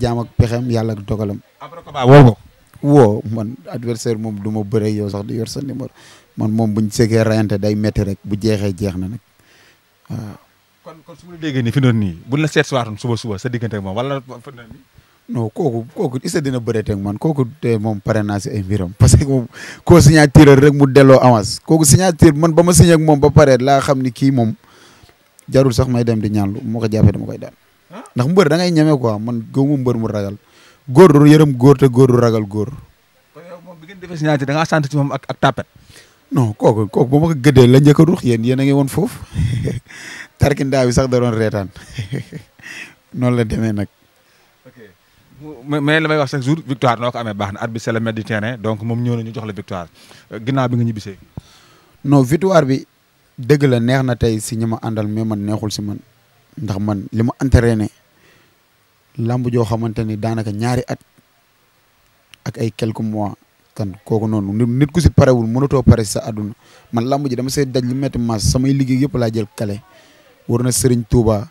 jaam ak pexem yàlla ak dogalam. après combat woo ko. man adversaire moom du ma bëre yow sax di yor sa numéro man moom buñ seggee rayante day metti rek bu jeexee jeex na nag waaw. kon kon su ma déggee nii fi noonu nii buñ la seet suba suba sa diggante moom wala fa non kooku kooku isa dina bëreetee ak man kooku te moom pare naa si ay mbiram parce que moom koo rek mu delloo avance kooku signature man ba ma signé moom ba pare laa xam ni kii moom jarul sax may dem di ñaanlu moo ko jàppee dama koy daan. ndax mbër da ngay ñeme quoi man gëwuma mbër mu ragal góor du yërëm góor te góor du ragal góor. kon yow ngeen defee signature da ngaa sant ci moom ak ak tapet. non kooku kooku ba ma ko gëddee la njëkk a ruux yéen yéen a ngi woon foofu tarkindaa bi sax da doon reetaan noonu la demee nag. mais la may wax chaque jour victoire noo ko amee baax na arbitre c'est le maître du donc moom ñëw na ñu jox la victoire euh, ginnaaw bi nga ñibbisee. non victoire bi dëgg la neex na tey si ñi ma àndal mais man neexul si man ndax man li ma entraîné làmb joo xamante ni daanaka ñaari at ak ay quelques mois tan kooku noonu nit ku si parewul mënatoo pare sa àdduna man làmb ji dama see daj lu metti maas samay liggéey yëpp laa jël kale war na sëriñ tuuba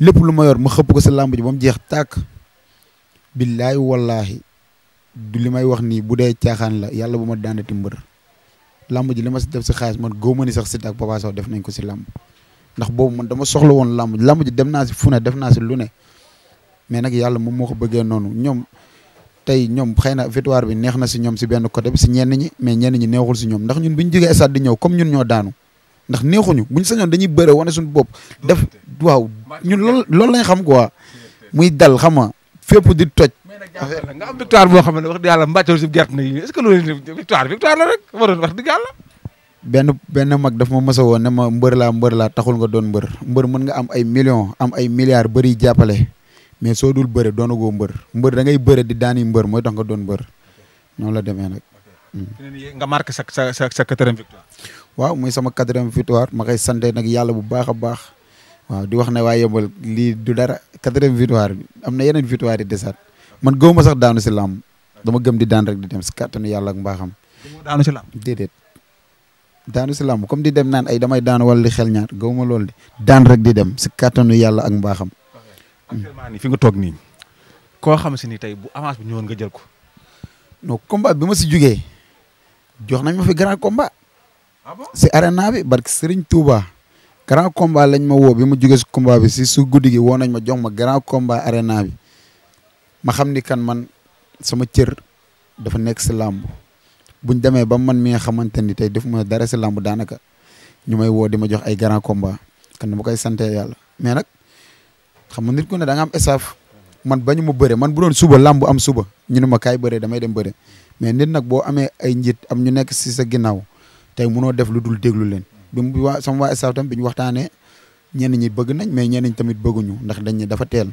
lépp lu ma yor ma xëpp ko sa làmb ji ba jeex tàkk billaay wallaahi du li may wax nii bu dee caaxaan la yàlla bu ma daanati mbër làmb ji li ma si def si xaalis man góob ma ni sax Siteu ak Papa Sow def nañ ko si làmb ndax boobu man dama soxla woon làmb làmb ji dem naa si fu ne def naa si lu ne mais nag yàlla moom moo ko bëggee noonu ñoom tey ñoom xëy na victoire bi neex na si ñoom si benn côté bi si ñenn ñi mais ñenn ñi neexul si ñoom ndax ñun bu ñu jógee stade di ñëw comme ñun ñoo daanu ndax neexuñu buñ sañoon dañuy bëre wane suñu bopp def waaw ñun loolu loolu lañ xam quoi muy dal xam nga fépp di toj. nga am victoire boo xam ne wax dëgg benn benn mag daf ma mës woon ne ma mbër laa mbër laa taxul nga doon mbër mbër mën nga am ay millions am ay milliards bëri jàppale mais soo dul bëre doonagoo mbër mbër da ngay bëre di daani mbër mooy tax nga doon mbër noonu la demee nag. Hmm. nga marqué sa sa sa sa quatrième victoire. waaw muy sama quatrième victoire ma koy sant nag yàlla bu baax a baax waaw di wax ne waa yëmbal lii du dara quatrième victoire bi am na yeneen victoire yi desaat man gëw ma daanu si làmb dama gëm di daan rek di dem si kàttanu yàlla ak mbaaxam. daanu si làmb déedéet. daanu si làmb comme di dem naan ay damay daan wala di xel ñaar gaw ma loolu di daan rek di dem si kàttanu yàlla ak mbaaxam. actuellement fi nga toog nii. koo xam si ni tey bu avance bi ñëwoon nga jël ko. non combat bi ma si jugee jox nañ ma fi grand combat. Ah si arena bi barke Serigne Touba. grand combat lañ ma woo bi ma jugee si combat bi si su guddi gi woo nañ ma jox ma grand komba arena bi ma xam ni kan man sama cër dafa nekk si làmb. buñ demee ba mu man mi nga xamante ni tey def ma dara si lamb daanaka ñu may woo di ma jox ay grand combat kan na ma koy sante yàlla mais nag xam nga nit ku ne da nga am staff man bañu ma bëre man bu doon suba làmb am suba ñu ne ma kaay bëre damay dem bëre mais nit nag boo amee ay njiit am ñu nekk si sa ginnaaw tey munoo def lu dul déglu leen bi mu waa sama waa staff tam bi ñu waxtaanee ñenn ñi bëgg nañ mais ñenn ñi tamit bëgguñu ndax dañ ne dafa teel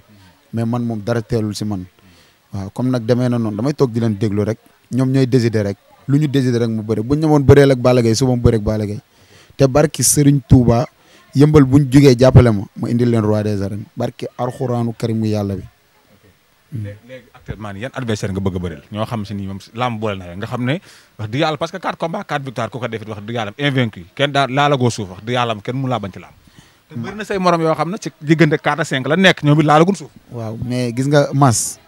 mais man moom dara si man waaw comme nag demee na noonu damay toog di leen déglu rek ñoom ñooy décider rek lu ñu décidé rek mu bëri bu ñu ñamoon bëreel ak Balla Gaye suba mu bëri te barki Serigne Touba yëmbal bu ñu jugee jàppale ma ma indi leen roi des arènes barki arxuraanu karimu yàlla bi. léegi actuellement yan adversaire nga bëgg a bëreel ñoo xam si ni moom lamb boole na nga xam ne wax dëgg yàlla parce que 4 combats 4 victoire ku ko defit wax dëgg yàlla invaincu kenn daal laalagoo suuf wax dëgg yàlla laa bañ ci laam. te bëri yoo xam ne ci diggante 4 à la nekk ñoom it laalagun suuf. waaw mais gis nga mas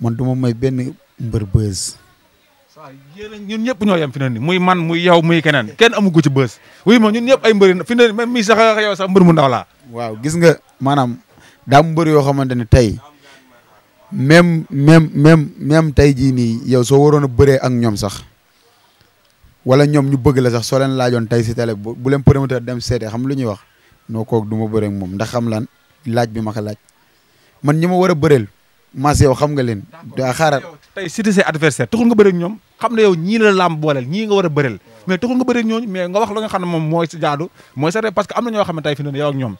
moon du ma may benn mbër bës waaw yéen ñun ñëpp ñoo yem fi muy man muy yow muy keneen kenn amugu ci bës wuy ma ñun ñëpp ay mbëri fi ne même mi sax yow sax mbër mu ndaw laa waaw gis nga maanaam daa mu mbëri yoo xamante ne tey même même même même tey jii nii yow soo waroon bëree ak ñoom sax wala ñoom ñu bëgg la sax soo leen laajoon tey si télé bu leen promoteur dem seetee xam lu ñuy wax noo koog du ma moom ndax xam lan laaj bi ma laaj man ñi ma war a bëreel mas yow xam nga leen daa xaaral tey cité ses adversaires taxul nga bëri ñoom xam ne yow ñii la booleel ñii nga war a bëreel mais taxul nga bëri ñooñu mais nga wax la nga xam ne moom mooy sa jaadu mooy sa rek parce que am na yow ñoom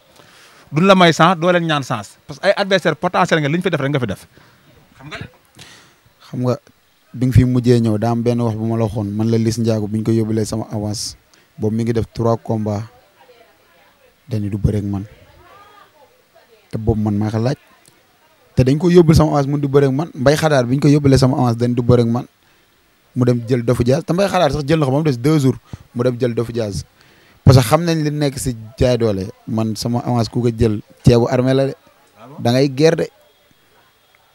duñ la may sens doo leen ñaan sens parce que ay adversaire potentiel nga li ñu def rek nga fi def xam nga xam nga bi nga fi mujjee ñëw daa am benn wax bu ma la waxoon man la Liss Ndiago bi ñu ko yóbbulee sama avance boob mi ngi def trois combats dañu du bëreeg man te boobu man maa ko laaj te dañ ko yóbbul sama avance mu du ko yóbbulee sama avance dañ du bëre man mu dem jël dofu jaaz ta mbay xadaar sax jël na ko ba mu mu dem jël dofu jaaz parce que xam nañ li nekk si jaay doole man sama avance ku ko jël ceebu armée la de da ngay guerre de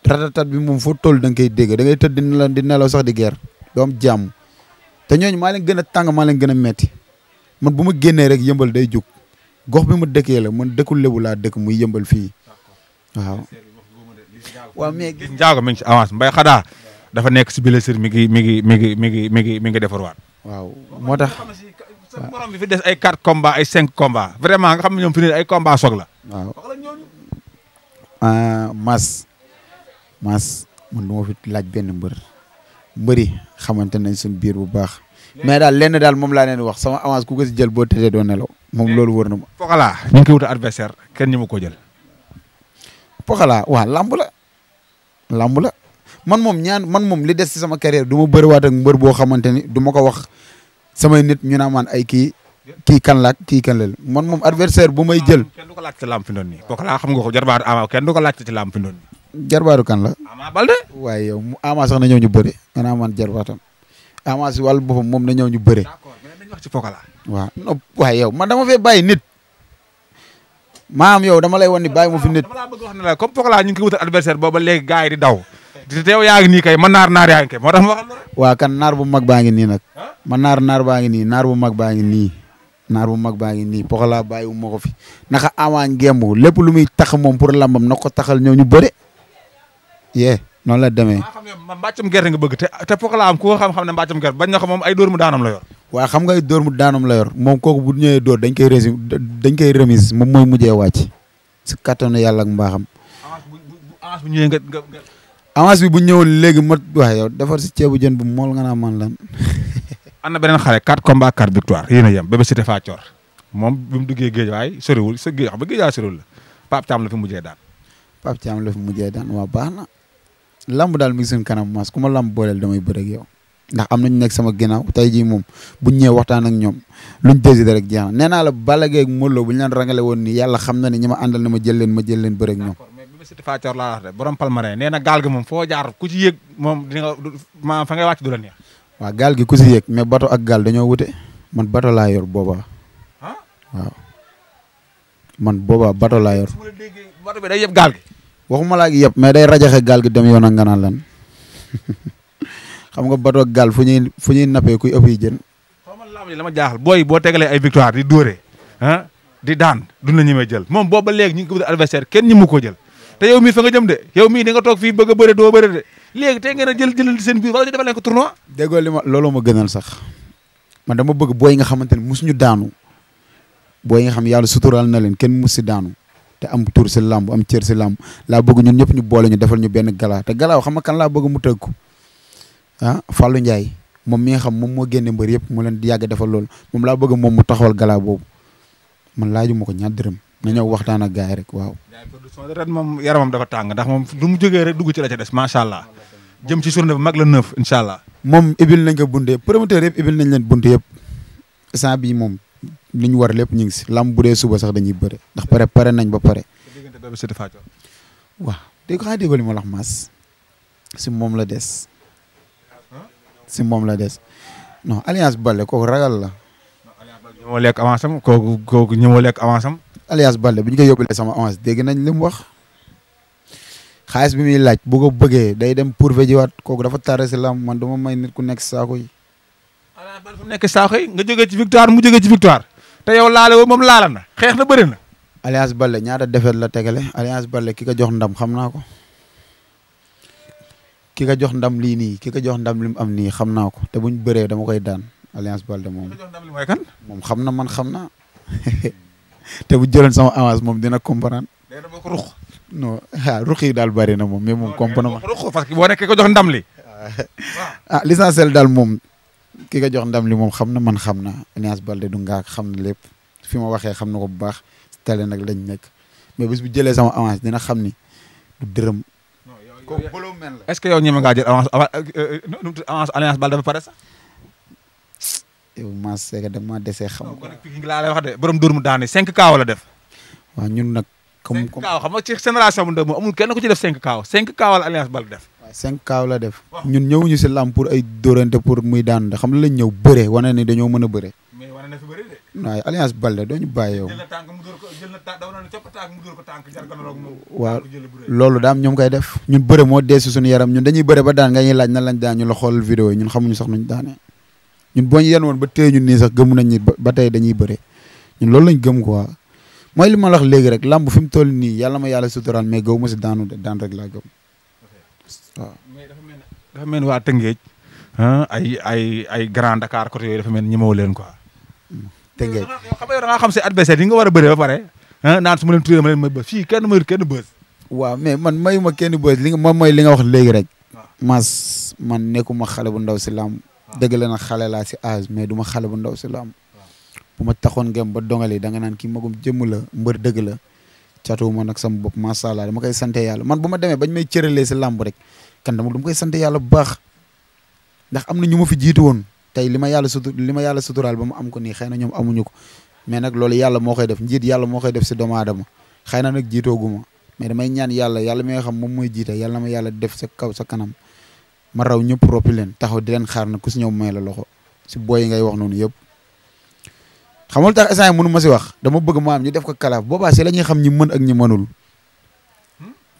ratatat bi moom foo toll da nga koy dégg da ngay tëdd di nelaw sax di guerre doo am jàmm te ñooñu maa leen gën a tàng maa leen gën a metti man bu ma génnee rek yëmbal day jug gox bi mu dëkkee la man dëkkul lebu laa dëkk muy yëmbal fii waaw mais gis njaago mi ci avance mbay xadaa dafa nekk si blessure mi ngi mi ngi mi ngi mi ngi mi ngi mi ngi defarwaat waaw moo tax bi fi des ay quatre combats ay cinq combats vraiment nga xam ne ñoom fi ay combats soog la. waaw ah, Mass ma fi laaj benn mbër mbëri xamante nañ suñ biir bu baax. mais daal lenn daal moom laa leen wax sama avance ku ko jël boo tëjee doo nelaw moom loolu wër na ma. Pokola ñu ngi koy wutal adversaire kenn ñu ma ko jël. Pokola waa lamb la lamb la man moom ñaan man moom li des ci sama carrière du ma bëriwaat ak mbër boo xamante ni du ma ko wax samay nit ñu naan man ay kii kii kan la kii kan la man moom adversaire bu may jël. kenn ko laajte ci lamb fi doon nii Pokola xam nga ko jarbaaru Ama kenn du ko laajte ci lamb fi doon nii. jarbaaru kan la. Ama Balde. waaye sax na ñëw ñu bëri maanaam man jarbaatam Ama si wàllu boppam moom na ñëw ñu bëri. d'accord mais dañ wax man dama fee bàyyi nit. maam yow dama la wan ni bàyyi ma fi nit. dama laa bëgg wax ne la comme Pokola ñu ngi koy wutal adversaire booba léegi gars yi di daw. di teew yaa ngi nii ma naar naar yaa ngi waa moo kan naar bu mag baa ngi nii nag. ma naar naar baa ngi nii naar bu mag baa ngi nii. naar bu mag baa ngi nii Pokola bàyyi wu ma ko fi naka avant ngemb lépp lu muy tax moom pour lambam na ko taxal ñëw ñu bëre. yee noonu la demee. maa xam ne mbàccum gerte nga bëgg te ne mbàccum gerte bañ na ko moom ay dóor mu daanam la yor waaye xam nga dóor mu daanam la yor moom kooku bu ñëwee dóor dañ koy rési dañ koy remise moom mooy jee wàcc si kattanu yàlla ak mbaaxam. avance nga nga bi bu ñëwoon léegi ma waaye yow defar si ceebu jën bu mool nga man lan. am na beneen xale 4 combats 4 victoire yam a ba Bébé Cité Fathor moom bi mu duggee géej waay soriwul sa géej xam nga la Pape Thiam la fi mujjee daan. Pape Thiam la fi mujjee daan waa baax na. lamb daal mu ngi kanam mas ku ma lamb booleel damay bëre ak yow. ndax am nañu nekk sama ginaaw tey jii moom bu ñëwee waxtaan ak ñoom luñ de rek jeex na nee naa la Balla Gaye ak Modou bu ñu leen rangale woon nii yàlla xam na ne ñi ma àndal na ma jël leen ma jël leen bëre ak ñoom Siteu Fathia laa wax de nee na gaal gi moom foo jaar ku ci yéeg moom di nga ma fa ngay la neex. waaw gaal gi ku ci yéeg mais bato ak gaal dañoo wute man bato laa yor booba waaw man boobaa bato laa yor. bato bi day yëpp gaal gi. waxuma laa gi yëpp mais day rajaxe gaal gi dem yoon ak nga naan lan. xam nga bato gaal fu ñuy fu ñuy nappee kuy ëpp yi jën. xaw ma lamb jaaxal booy boo tegalee ay victoire di dóore ah di daan duñ la ñemee jël moom boobu ba léegi ñu ngi ko bëgg adversaire kenn ñi mu ko jël te yow mii fa nga jëm de yow mii di nga toog fii bëgg a bëre doo bëre de léegi tey ngeen jël jël jëlal seen biir wala ñu defal leen ko tournoi. déggoo li ma loolu ma gënal sax man dama bëgg booy yi nga xamante ne mosuñu daanu booy yi nga xam yàlla sutural na leen kenn mus si daanu te am tur si làmb am cër si lamb la bëgg ñun ñëpp ñu boole ñu defal ñu benn gala te xam nga kan laa bëgg mu tëgg ko ah Fallou Ndiaye moom mi nga xam moom moo génne mbër yëpp mu leen di yàgg defal loolu moom laa bëgg moom mu taxawal gala boobu man laajuma ko ñaar rëm na ñëw waxtaan ak gars yi rek waaw. production ren moom yaramam dafa tàng ndax moom lu mu jógee rek dugg ci la des macha allah jëm ci journée bi mag la neuf allah. moom ibil nañ ko bunte promoteur yëpp ibil nañ leen bunte yëpp instant bii moom li ñu war lépp ñu ngi si lamb bu dee suba sax dañuy bëre ndax pare pare nañ ba pare. waaw dégg nga xanaa déggoo li ma wax maas si moom la des si moom la des non alliance Baldé kook ragal la. ñëwoo lekk avance am kooku kooku ñëwoo lekk avance am. alliance Baldé bi ñu koy yóbbulee sama avance dégg nañ li mu wax xaalis bi muy laaj bu ko bëggee day dem pour pourvu jiwaat kooku dafa tardé si man du ma may nit ku nekk saako yi. alliance Baldé fu nekk saako yi nga jógee ci victoire mu jógee ci victoire te yow laale woo moom laala na xeex na bëri na. alliance Baldé ñaata defet la tegale alliance balle ki ko jox ndam xam naa ko. ki nga jox ndam lii nii ki nga jox ndam li mu am nii xam naa ko te buñ bëree dama koy daan alliance Balde moom. moom xam na man xam naa te bu jëloon sama avance moom dina comprendre. mais dama ko ah, yi daal bëri na moom mais moom comprendre. ruq parce que boo nekkee ko jox ndam li. ah l'essentiel daal moom ki nga jox ndam li moom xam na man xam na alliance Balde du ngaak xam na lépp fi ma waxee xam na ko bu baax tale nag lañ nekk mais bis bu jëlee sama avance dina xam ni du dërëm. kooku bëloo mel est ce que yow ñeme ngaa jël avance euh, avance alliance Baldé ba pare sax. yow maa seega da maa dese xam. kon nag laa lay wax de borom dóor mu daane 5 kaaw la def. waaw ñun nag. comme comme 5 kaaw xam nga ci génération bu ndaw moom amul kenn ku ci def cinq kaaw cinq kaaw la alliance Baldé def. waaw 5 la def. ñun ñëwuñu si làmb pour ay dóorante pour muy daan da xam la lañ ñëw bëre wane ni dañoo mën a bëre. waaye alliance Baldé doo ñu bàyyi yow. waaw loolu daam ñoom koy def. ñun bëre moo dee si yaram ñun dañuy bëre ba daan nga ñuy laaj nan lañ daan ñu la xool vidéo yi ñun xamuñu sax nuñ daane ñun boo ñu yan woon ba téye ñun nii sax gëmu nañ ni ba tey dañuy bëre ñun loolu lañ gëm quoi mooy li ma la léegi rek làmb fi mu toll nii yàlla ma yàlla suturaan mais gaw ma si daanu de daan rek laa gëm waaw. dafa mel ni waa Tëngéej ah, ay ay ay Grand Dakar côté yooyu dafa mel ni ñemewu leen quoi. Mm. Tëngéej xam nga yow da ngaa xam yi nga war a bëree ba pare ah, naan su ma leen turee ma leen ma bës fii kenn mayul kenn bës waaw mais man mayu ma kenn bës li nga moom mooy li nga wax léegi rek mas man ma xale bu ndaw si lamb dëgg na xale laa si âge mais duma xale bu ndaw si lamb bu ma taxoon ngem ba dongali da nga naan kii magum jëmm la mbër dëgg la catu ma nag sama bopp macha allah dama koy sante yàlla man bu ma demee bañ may cëralee si làmb rek kan dama dama koy sante yàlla bu baax ndax am na ñu ma fi jiitu woon tey li ma yàlla sutu li ma yàlla suturaal ba mu am ko nii xëy na ñoom amuñu ko mais nag loolu yàlla moo koy def njiit yàlla moo koy def si doomu aadama na nag jiitooguma mais damay ñaan yàlla yàlla mi nga xam moom mooy jiite yàlla na ma yàlla def sa kaw sa kanam ma raw ñëpp roppi leen taxaw di leen xaar na ku si ñëw may la loxo si booy yi ngay wax noonu yëpp xamul tax instant yi mënu si wax dama bëgg ma am ñu def ko kalaaf boobaa si la ñuy xam ñi mën ak ñi mënul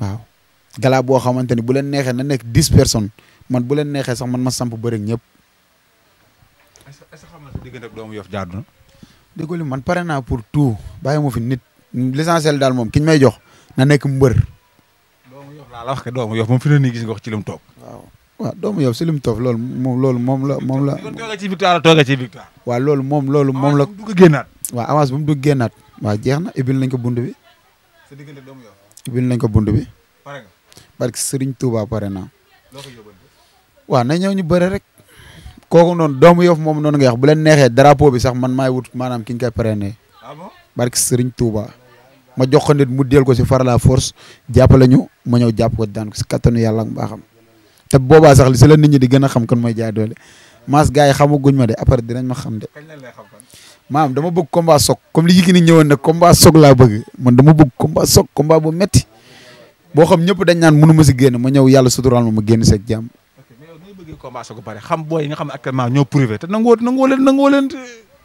waaw boo xamante ni bu leen neexee na nekk dix personnes man bu leen neexee sax man ma samp bëri ñëpp est ce xam nga sa diggante ak doomu Yoff jaadu na. déggoo li man pare naa pour tout bàyyi ma fi nit l'essentiel daal moom ki ñu may jox na nekk mbër. doomu Yoff laa la wax ke doomu Yoff moom gis nga wax ci lim toog. waaw waaw doomu Yoff si toog loolu moom loolu moom la moom la. toogee ci victoire toogee ci victoire. waaw loolu moom loolu moom la. dugg génnaat. waaw avance bu mu dugg génnaat. waaw jeex na ibil nañ ko bund bi. sa diggante doomu Yoff. ibil nañ ko bund bi. pare nga. parce que Serigne Touba pare naa. waaw na ñëw ñu bëre rek. kooku noonu doomu Yoff moom noonu ngay wax bu neexee drapeau bi sax man maay wut maanaam ki ñu koy prene ah barki Serigne Touba ma jox ko nit mu del ko si far la force jàppale ñu ma ñëw jàpp ko daan kattanu yàlla ak mbaaxam te boobaa sax li si la nit ñi di gën a xam kon mooy jaay doole maas gars yi xamaguñ ma de après dinañ ma xam de maam dama bëgg combat soog comme li Yékini ñëwoon nag combat soog laa bëgg man dama bëgg combat soog combat bu metti boo xam ñëpp dañ naan mënu ma si génn ma ñëw yàlla suturaal ma ma génn seeg jàmm duggee commencé ko pare xam booy yi nga xam ne actuellement ñoo privé te nangoo nangoo leen nangoo leen.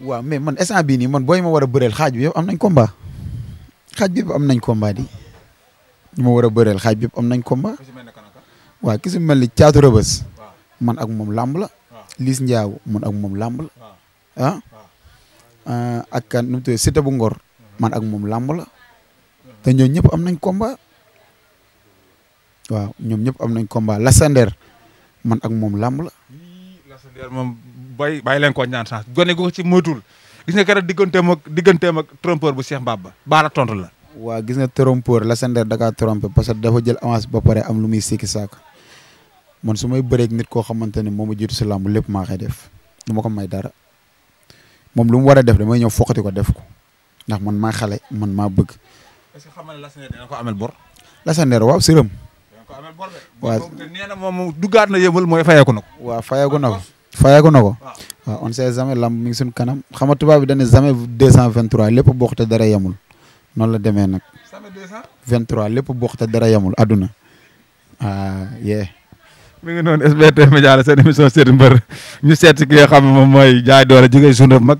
waaw mais man instant bii nii man booy ma war a bëreel xaaj bi yëpp am nañ combat xaaj bi yëpp am nañ combat di ñu ma war a bëreel xaaj bi am nañ combat waaw ki su mel ni caatu rëbës man ak moom làmb la Liss man ak moom làmb la ah? ah ak kan nu mu tuddee bu Ngor mhm. man ak moom làmb la mhm. te ñoom ñëpp am nañ komba waaw ñoom ñëpp am nañ combat Lassander man ak moom làmb la. Lassane Dior moom bàyyi bàyyi leen ko ñaan chance gone gu ko ci moytuwul gis nga keroog digganteem ak digganteem ak trompeur bu Cheikh Mbaba baala tontu la. waa gis nga trompeur la Dior da kaa trompé parce que dafa jël avance ba pare am lu muy sikki saak man su may bëreeg nit koo xamante ne moom a jiitu si làmb lépp maa koy def du ma ko may dara moom lu mu war a def damay ñëw foqati ko def ko ndax man maa xale man maa bëgg. est-ce que xam nga ne Lassane Dior dina ko amel bor. Lassane waaw sërëm. waaw nee na moom duggaat na yëbal mooy fayeeku na ko waaw na ko na ko on sait jamais lamb mi ngi suñ kanam xam nga tubaab bi dañ ne jamais deux cent vingt trois te dara yemul noonu la demee nag vingt trois lépp bokk te dara yemul adduna ah yee mi ngi noonu SBT Média la seen émission seeti mbër ñu seet ki nga xam ne moom mooy jaay doole jógee journée mag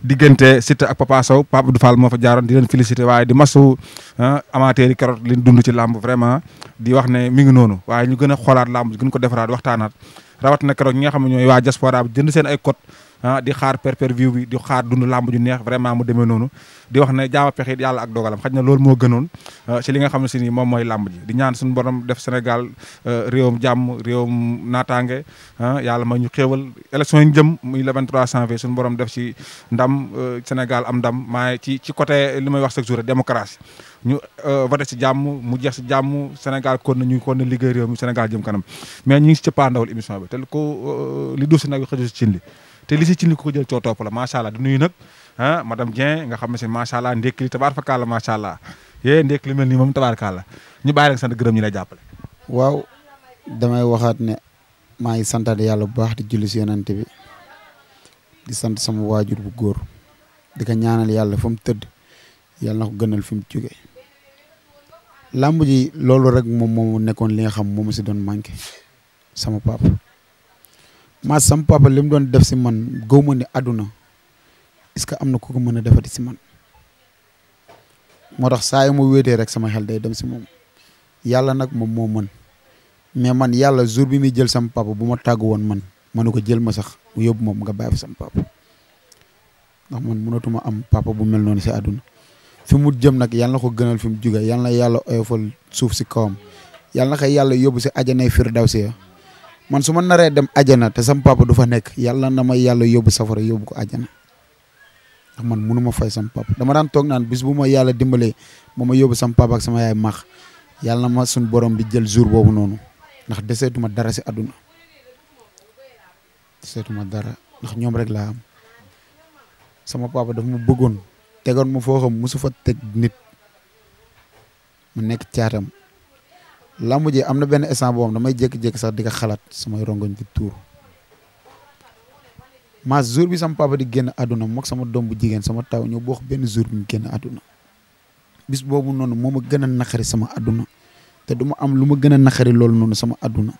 diggante Siteu ak Papa Sow Pape Abdou Fall moo fa di leen félicité waaye di masu ah, amateur yi keroog liñ dund ci làmb vraiment di wax ne mi ngi noonu waaye ñu gën a xoolaat làmb gën ko defaraat waxtaanaat rawat na keroog ñi nga xam ne ñooy waa diaspora bi jënd seen ay code ah di xaar pay-per-view bi di xaar dund làmb ju neex vraiment mu demee noonu di wax ne jaama pexe yàlla ak dogalam xaj na loolu moo gënoon si ah, li nga xam ne si nii moom mooy làmb ji di ñaan suñu borom def Sénégal ah, réewum jàmm réewum naataange ah, yàlla ma ñu xéewal élection yi jëm muy le 23 janvier suñu borom def ci ndam Sénégal am ndam maa ci ci côté li may wax chaque jour démocratie ñu voté ci jàmm mu jeex si jàmm senegal kon na ñu kon na liggéey réew mi senegal jëm kanam mais ñu ngi ci cëppaandawul émission bi te ko li duuf si nag xëju si cin li te li si ci ni ko jël coo topp la macha allah di nuyu nag ah madame Dieng nga xam ne si macha allah ndékk li tabaar fa kàlla macha allah yee ndékk li mel nii moom tabaar kàlla ñu bàyyi la sant gërëm ñu lay jàppale. waaw damay waxaat ne maa ngi santaat yàlla bu baax di julli si yonante bi di sant sama waajur bu góor di ko ñaanal yàlla fa tëdd yàlla na ko gënal fi mu jóge làmb ji loolu rek moom moo nekkoon li nga xam moom si doon manqué sama papa. maa sam papa li mu doon def si man gëw ma ne àdduna est-ce que am na ku ko mën a defati si man moo tax saa yu ma wéetee rek sama xel day dem si moom yàlla nag moom moo mën mais man yàlla jour bi muy jël sam papa bu ma tàggu woon man mënu ko jël ma sax mu yóbbu moom nga bàyyi fa sam papa ndax man mënatuma am papa bu mel noonu si àdduna fi mu jëm nag yàlla na gënal fi mu jóge yàlla na yàlla oyofal suuf si kawam yàlla na yàlla yóbbu si ajanay firdawsi ya man su ma naree dem ajana te sam papa du fa nekk yàlla na ma yàlla yóbbu safara yóbbu ko ajana ndax man munu fay sam papa dama daan toog naan bis bu ma yàlla dimbalee ba ma yóbbu sam papa ak sama yaay max ma suñ borom bi jël jour boobu noonu ndax deseetuma dara si àdduna deseetuma dara ndax ñoom rek laa sama papa dafa ma bëggoon tegoon ma foo xam mosu fa teg nit mu nekk caatam làmb ji am na benn instant boobu damay jékki-jékki di ko xalaat samay rongoñ di tuur ma jour bi sama papa di génn àdduna mook sama doom bu jigéen sama taw ñoo bokk benn jour bi mu aduna bis boobu noonu moom ma gën a naqari sama àdduna te du ma am lu ma gën a naqari loolu noonu sama àdduna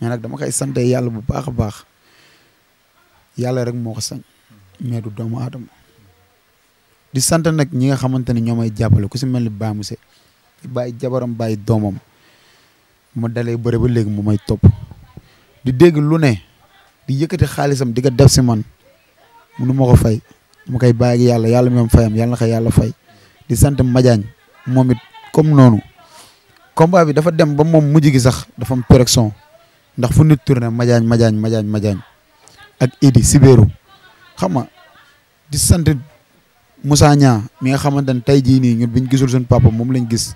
mais nag dama koy sante yàlla bu baax a baax yàlla rek moo ko sañ mais du doomu aadama di sante nag ñi nga xamante ne ñoo may jàppale ku si mel ni se i bàyyi jabaram bàyyi doomam ma dalee bëre ba léegi mu may topp di dégg lu ne di yëkkati xaalisam di ko def si man munu ma ko fay mu koy bàyyi ak yàlla yàlla mi am fayam yàlla na ko yàlla fay di sant Madiagne moom it comme noonu combat bi dafa dem ba moom mujj gi sax dafa am pression ndax fu nit tourné Madiagne Madiagne Madiagne ak Idi Sibéeru xam nga di sant Moussa Niang mi nga xamante ne tey jii nii ñun biñ gisul suñu papa moom lañ gis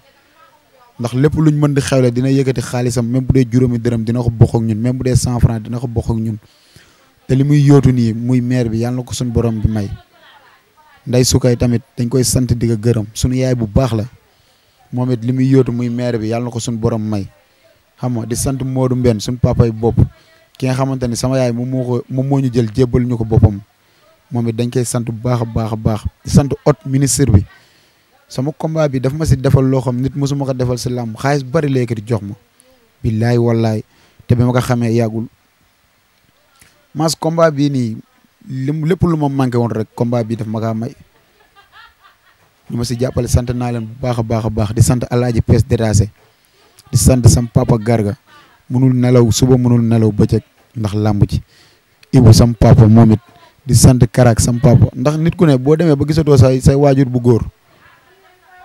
ndax lépp luñ mën di xewle dina yëkkati xaalisam même bu dee juróomi dërëm dina ko bokk ak ñun même bu dee cent franc dina ko bokk ak te li muy yóotu nii muy maire bi yàlla ko suñu borom bi may nday sukay tamit dañ koy sant di ko gërëm suñu yaay bu baax la moom it li muy yóotu muy maire bi yàlla na ko suñu borom may xam nga di sant Modou Mbène suñu papay bopp ki nga xamante ni sama yaay moom moo ko moom moo ñu jël jébbal ñu ko boppam moom it dañ koy sant bu baax a baax a baax di sant ot ministre bi sama combat bi dafa ma si defal loo xam nit mosuma ko defal si làmb xaalis bari lay yëkkati jox ma. billaay wallaay te bi ma ko xamee yàggul mas combat bii nii lim lépp lu ma manqué woon rek combat bii dafa ma kaa may. ñu ma si jàppale sant naa leen bu baax a baax a baax di sant alaaji pees dérassé di sant sam papa garga munul nelaw suba munul nelaw ba bëccëg ndax làmb ji ibu sam papa moom it di sant karaak sam papa ndax nit ku ne boo demee ba gisatoo say say waajur bu góor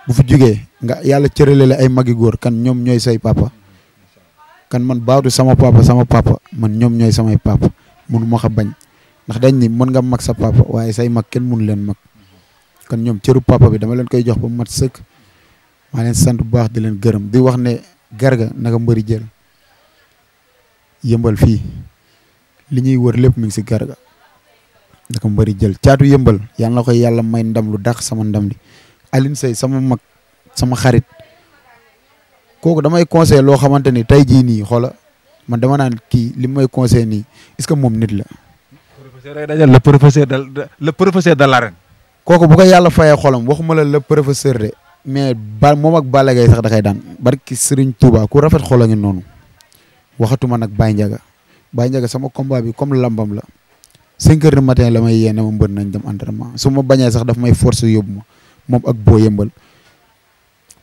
bu fi jugee nga yàlla cërale la ay magi góor kan ñoom ñooy say papa kan man baatu sama papa sama papa man ñoom ñooy samay papa mënu ma xa bañ ndax dañ ni mën nga mag sa papa waaye say mag kenn mënu leen mag kan ñoom cëru papa bi dama leen koy jox ba mat sëkk ma leen sant bu baax di leen gërëm di wax ne garga naka mbari jël yëmbal fi li ñuy wër lépp mi ngi si garga naka mbëri jël caatu yëmbal yàlla na ko yàlla may ndam lu dàq sama ndam li Alioune Seye sama mag sama xarit kooku damay conseil loo xamante ni tey jii nii xoola man dama naan kii li may conseil nii est que moom nit la. professeur day dajal le professeur de la professeur kooku bu ko yàlla faye xolam waxuma la le professeur de mais ba moom ak sax da kay daan ki Serigne Touba ku rafet xol a ngi noonu waxatuma nag Baye Ndiaga Baye Ndiaga sama combat bi comme lambam la 5 heures du matin la may yee ne ma mbër nañ dem entraînement su ma bañee sax daf may force yóbbu moom ak boo yembal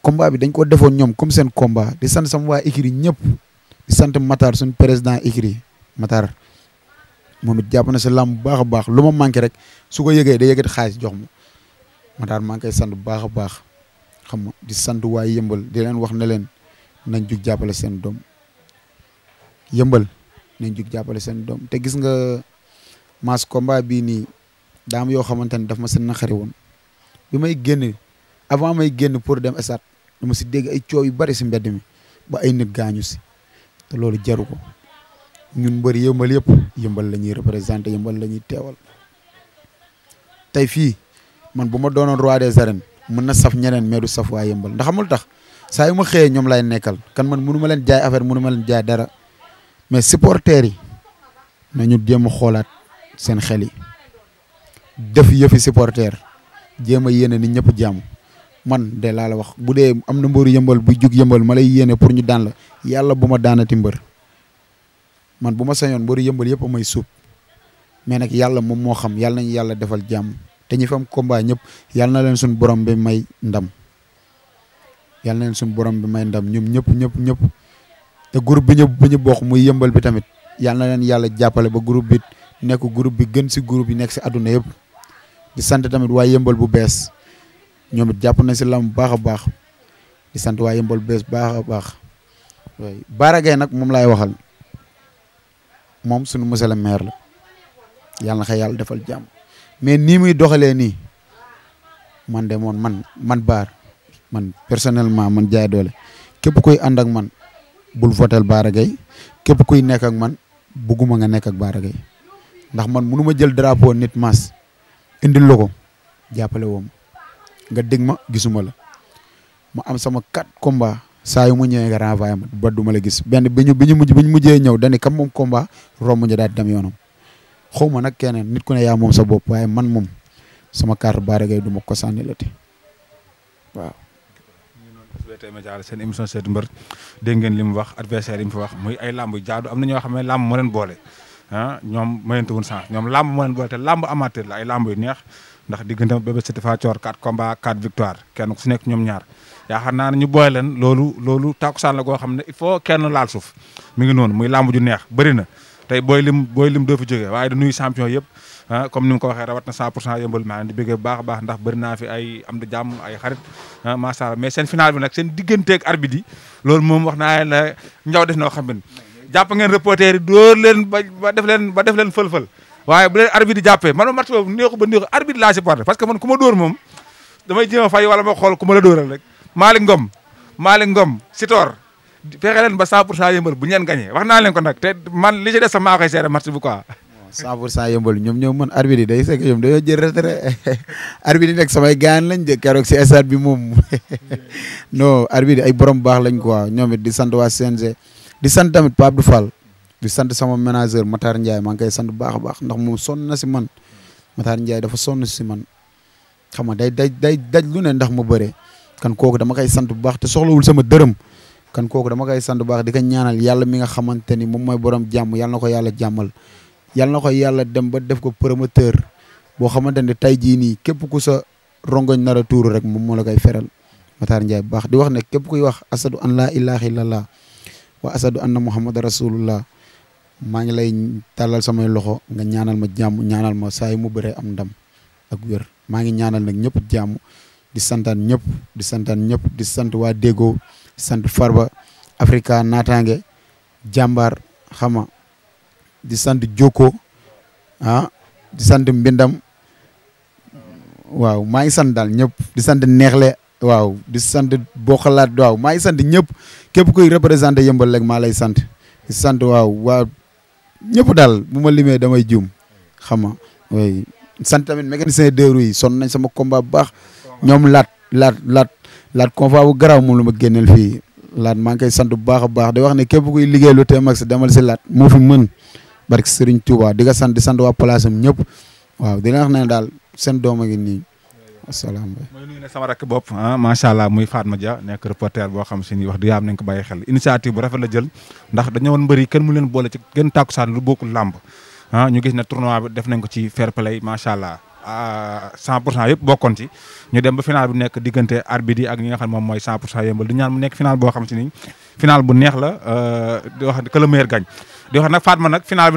combat bi dañ ko defoon ñoom comme seen combat di sant sama waa écurie ñëpp di sant Matar suñu président écurie Matar moom it jàpp na sa làmb bu baax a baax lu ma manqué rek su ko yëgee day yëgat xaalis jox ma Matar maa sant bu baax a baax xam nga di sant waa yëmbal di leen wax ne leen nañ jug jàppale seen doom yëmbal nañ jug jàppale seen doom te gis nga mas combat bii nii daam yoo xamante ne daf ma seen naqari woon bi may génn avant may génn pour dem stade dama si dégg ay coow yu bari si mbedd mi ba ay nit gaañu si te loolu jaru ko ñun mbëri yëmbal yëpp yëmbal la ñuy représenté yëmbal la ñuy teewal tey fii man bu ma doonoon roi des arènes mën na saf ñeneen mais du saf waa yëmbal ndax tax saa yu ma xëyee ñoom lay nekkal kan man mënu ma leen jaay affaire munu ma leen jaay dara mais supporters yi nañu ñu a xoolaat seen xel yi def yëfi supporter jéem a yéene nit ñëpp jàmm man de laa la wax bu dee am na mbëru yëmbal bu jug yëmbal ma lay yéene pour ñu daan la yàlla bu ma daanati mbër man bu ma sañoon mbëru yëmbal yëpp amay suub mais nag yàlla moom moo xam yàlla nañu yàlla defal jàmm te ñi fa am ñëpp yàlla na leen suñu borom bi may ndam yàlla na suñu borom bi may ndam ñoom ñëpp ñëpp ñëpp te groupe bi ñu bi ñu bokk muy yëmbal bi tamit yàlla na leen yàlla jàppale ba groupe bi nekk groupe bi gën si groupe yi nekk si àdduna yëpp di sant tamit waa yëmbal bu bees ñoom it jàpp nañ si lam bu baax a baax di sant waa yëmbal bu bees baax a baax waaye Bara Gaye nag moom laay waxal moom suñu monsieur le maire la yàlla na xëy yàlla defal jàmm mais nii muy doxalee nii man de moon man man baar man personnellement man jaay doole képp kuy ànd ak man bul votel Bara Gaye képp kuy nekk ak man bugguma nga nekk ak Bara Gaye ndax man mënu jël drapeau nit mas indil la ko jàppale woom nga dégg ma gisuma la ma am sama quatre combat saa yu mu ñëwee nga renvoyé ma ba du la gis benn bi ñu bi ñu mujj bi ñu mujjee ñëw dañu kam moom komba romb ñu daal dem yoonam xaw ma nag keneen nit ku ne yaa moom sa bopp waaye man moom sama carte Bara Gaye du ma ko sànni la te waaw. SBT Média la seen émission seetu mbër dégg ngeen mu wax adversaire yi mu fi wax muy ay làmb jaadu am na ñoo xam ne làmb moo leen boole. ah ñoom mayante wuñ chance ñoom làmb moo leen boole te làmb amateur la ay làmb yu neex ndax diggante Bébé Siteu Fathior 4 combats victoire kenn ku si nekk ñoom ñaar yaakaar naa ne ñu boole leen loolu loolu tàkkusaan la goo xam ne fo kenn laal suuf mi ngi noonu muy làmb ju neex bëri na tey booy lim booy lim doo fi jógee waaye di nuyu champion yëpp ah comme ni mu ko waxee rawat na 100 pour cent yëmbal maa a baax ndax bëri naa fi ay am da jàmm ay xarit ah macha allah mais seen final bi nag seen digganteeg arbitre yi loolu moom wax naa la njaw def noo xam ne jàpp ngeen reporter yi dóor leen ba ba def leen def leen fël-fël waaye bu leen arbitre di jàppee man ma match boobu neexu ba neexu arbitre laa si porté parce que man ku ma dóor moom damay jéem a fay wala ma xool ku ma la dóoral rek Malick Ngom Malick Ngom si toor fexe leen ba 100 pour cent yëmbal bu ñu leen gagné wax naa leen ko nag te man li ci des sax maa koy seere match bi quoi 100 pour cent yëmbal ñoom ñoom man arbitre yi day segg ñoom dañoo jël retrait arbitre yi nag samay gaan lañ de keroog si stade bi moom non arbitre ay borom baax lañ quoi ñoom it di sant waa CNG di sant tamit Pape Abdou Fall di sant sama manager Matar Ndiaye maa ngi koy sant bu baax baax ndax moom sonn na si man Matar Ndiaye dafa sonn si man xam nga day day day daj lu ne ndax mu bëree kan kooku dama koy sant bu baax te soxla wul sama dërëm kan kooku dama koy sant baax di ko ñaanal yàlla mi nga xamante ni moom mooy borom jàmm yàlla na ko yàlla jàmmal yàlla na ko yàlla dem ba def ko promoteur boo xamante ne tey jii nii képp ku sa rongoñ nar a tuuru rek moom moo la koy feral Matar Ndiaye bu baax di wax ne képp kuy wax asadu an laa ilaaha illallah wa asadu anna muhammad rasulullah maa ngi lay tàllal samay loxo nga ñaanal ma jàmm ñaanal ma saa yi mu bëree am ndam ak wér maa ngi ñaanal nag ñëpp jàmm di santaan ñëpp di santan ñëpp di sant waa Déggo sant Farba Africa naataange jàmbaar xama di sant Jokko ah di sant Mbindam waaw maa ngi sant daal ñëpp di sant Neexle waaw di sant boo xalaat waaw maa ngi sant ñëpp képp kuy représenté yëmbal rek maa lay sant di sant waaw waa ñëpp daal mu ma limee damay juum xam nga oui sant tamit mécanicien de roues yi sonn nañ sama combat bu baax ñoom laat laat laat laat combat bu garaaw moom la ma génneel fii laat maa ngi koy sant bu baax baax di wax ne képp kuy liggéey lu te mag si demal si laat moo fi mën barke Serigne Touba di nga sant di sant waa place am ñëpp waaw di la wax ne daal seen doom a nii salaam mooy nuyu ne sama rakk bopp ah macha allah muy Fatma Dia nekk reporter boo xam si ni wax du yaam nañ ko xel initiative bu rafet la jël ndax dañoo woon mbëri kenn mu leen boole ci gën tàkkusaan lu bokkul làmb ah, ñu gis ne tournoi bi def nañ ci fair play macha allah ah, cent pour cent yëpp bokkoon ci ñu dem ba final bi nekk diggante arbitre ak ñi moom mooy cent pour cent yëmbal di ñaan mu nekk final boo xam si ni final bu neex la ah, di wax que le meilleur wax nag Fatma nag nag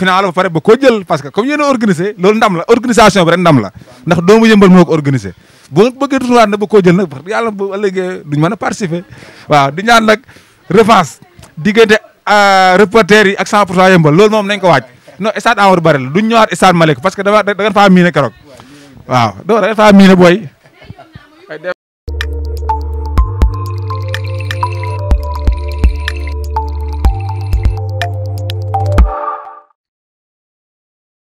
final ba pare ba koo jël parce que comme yéen a organisé loolu ndam la organisation bi rek ndax doomu yëmbal moo ko organisé bu ngeen bëggee ba koo nag wax yàlla bu ëllëgee duñ mën a participer waaw di ñaan nag revanche diggante euh, reporter yi pour cent yëmbal loolu moom nañ waaj non stade Amadou Barry la duñ ñëwaat stade parce que dafa da nga faa miine keroog waaw doo da nga faa miine booy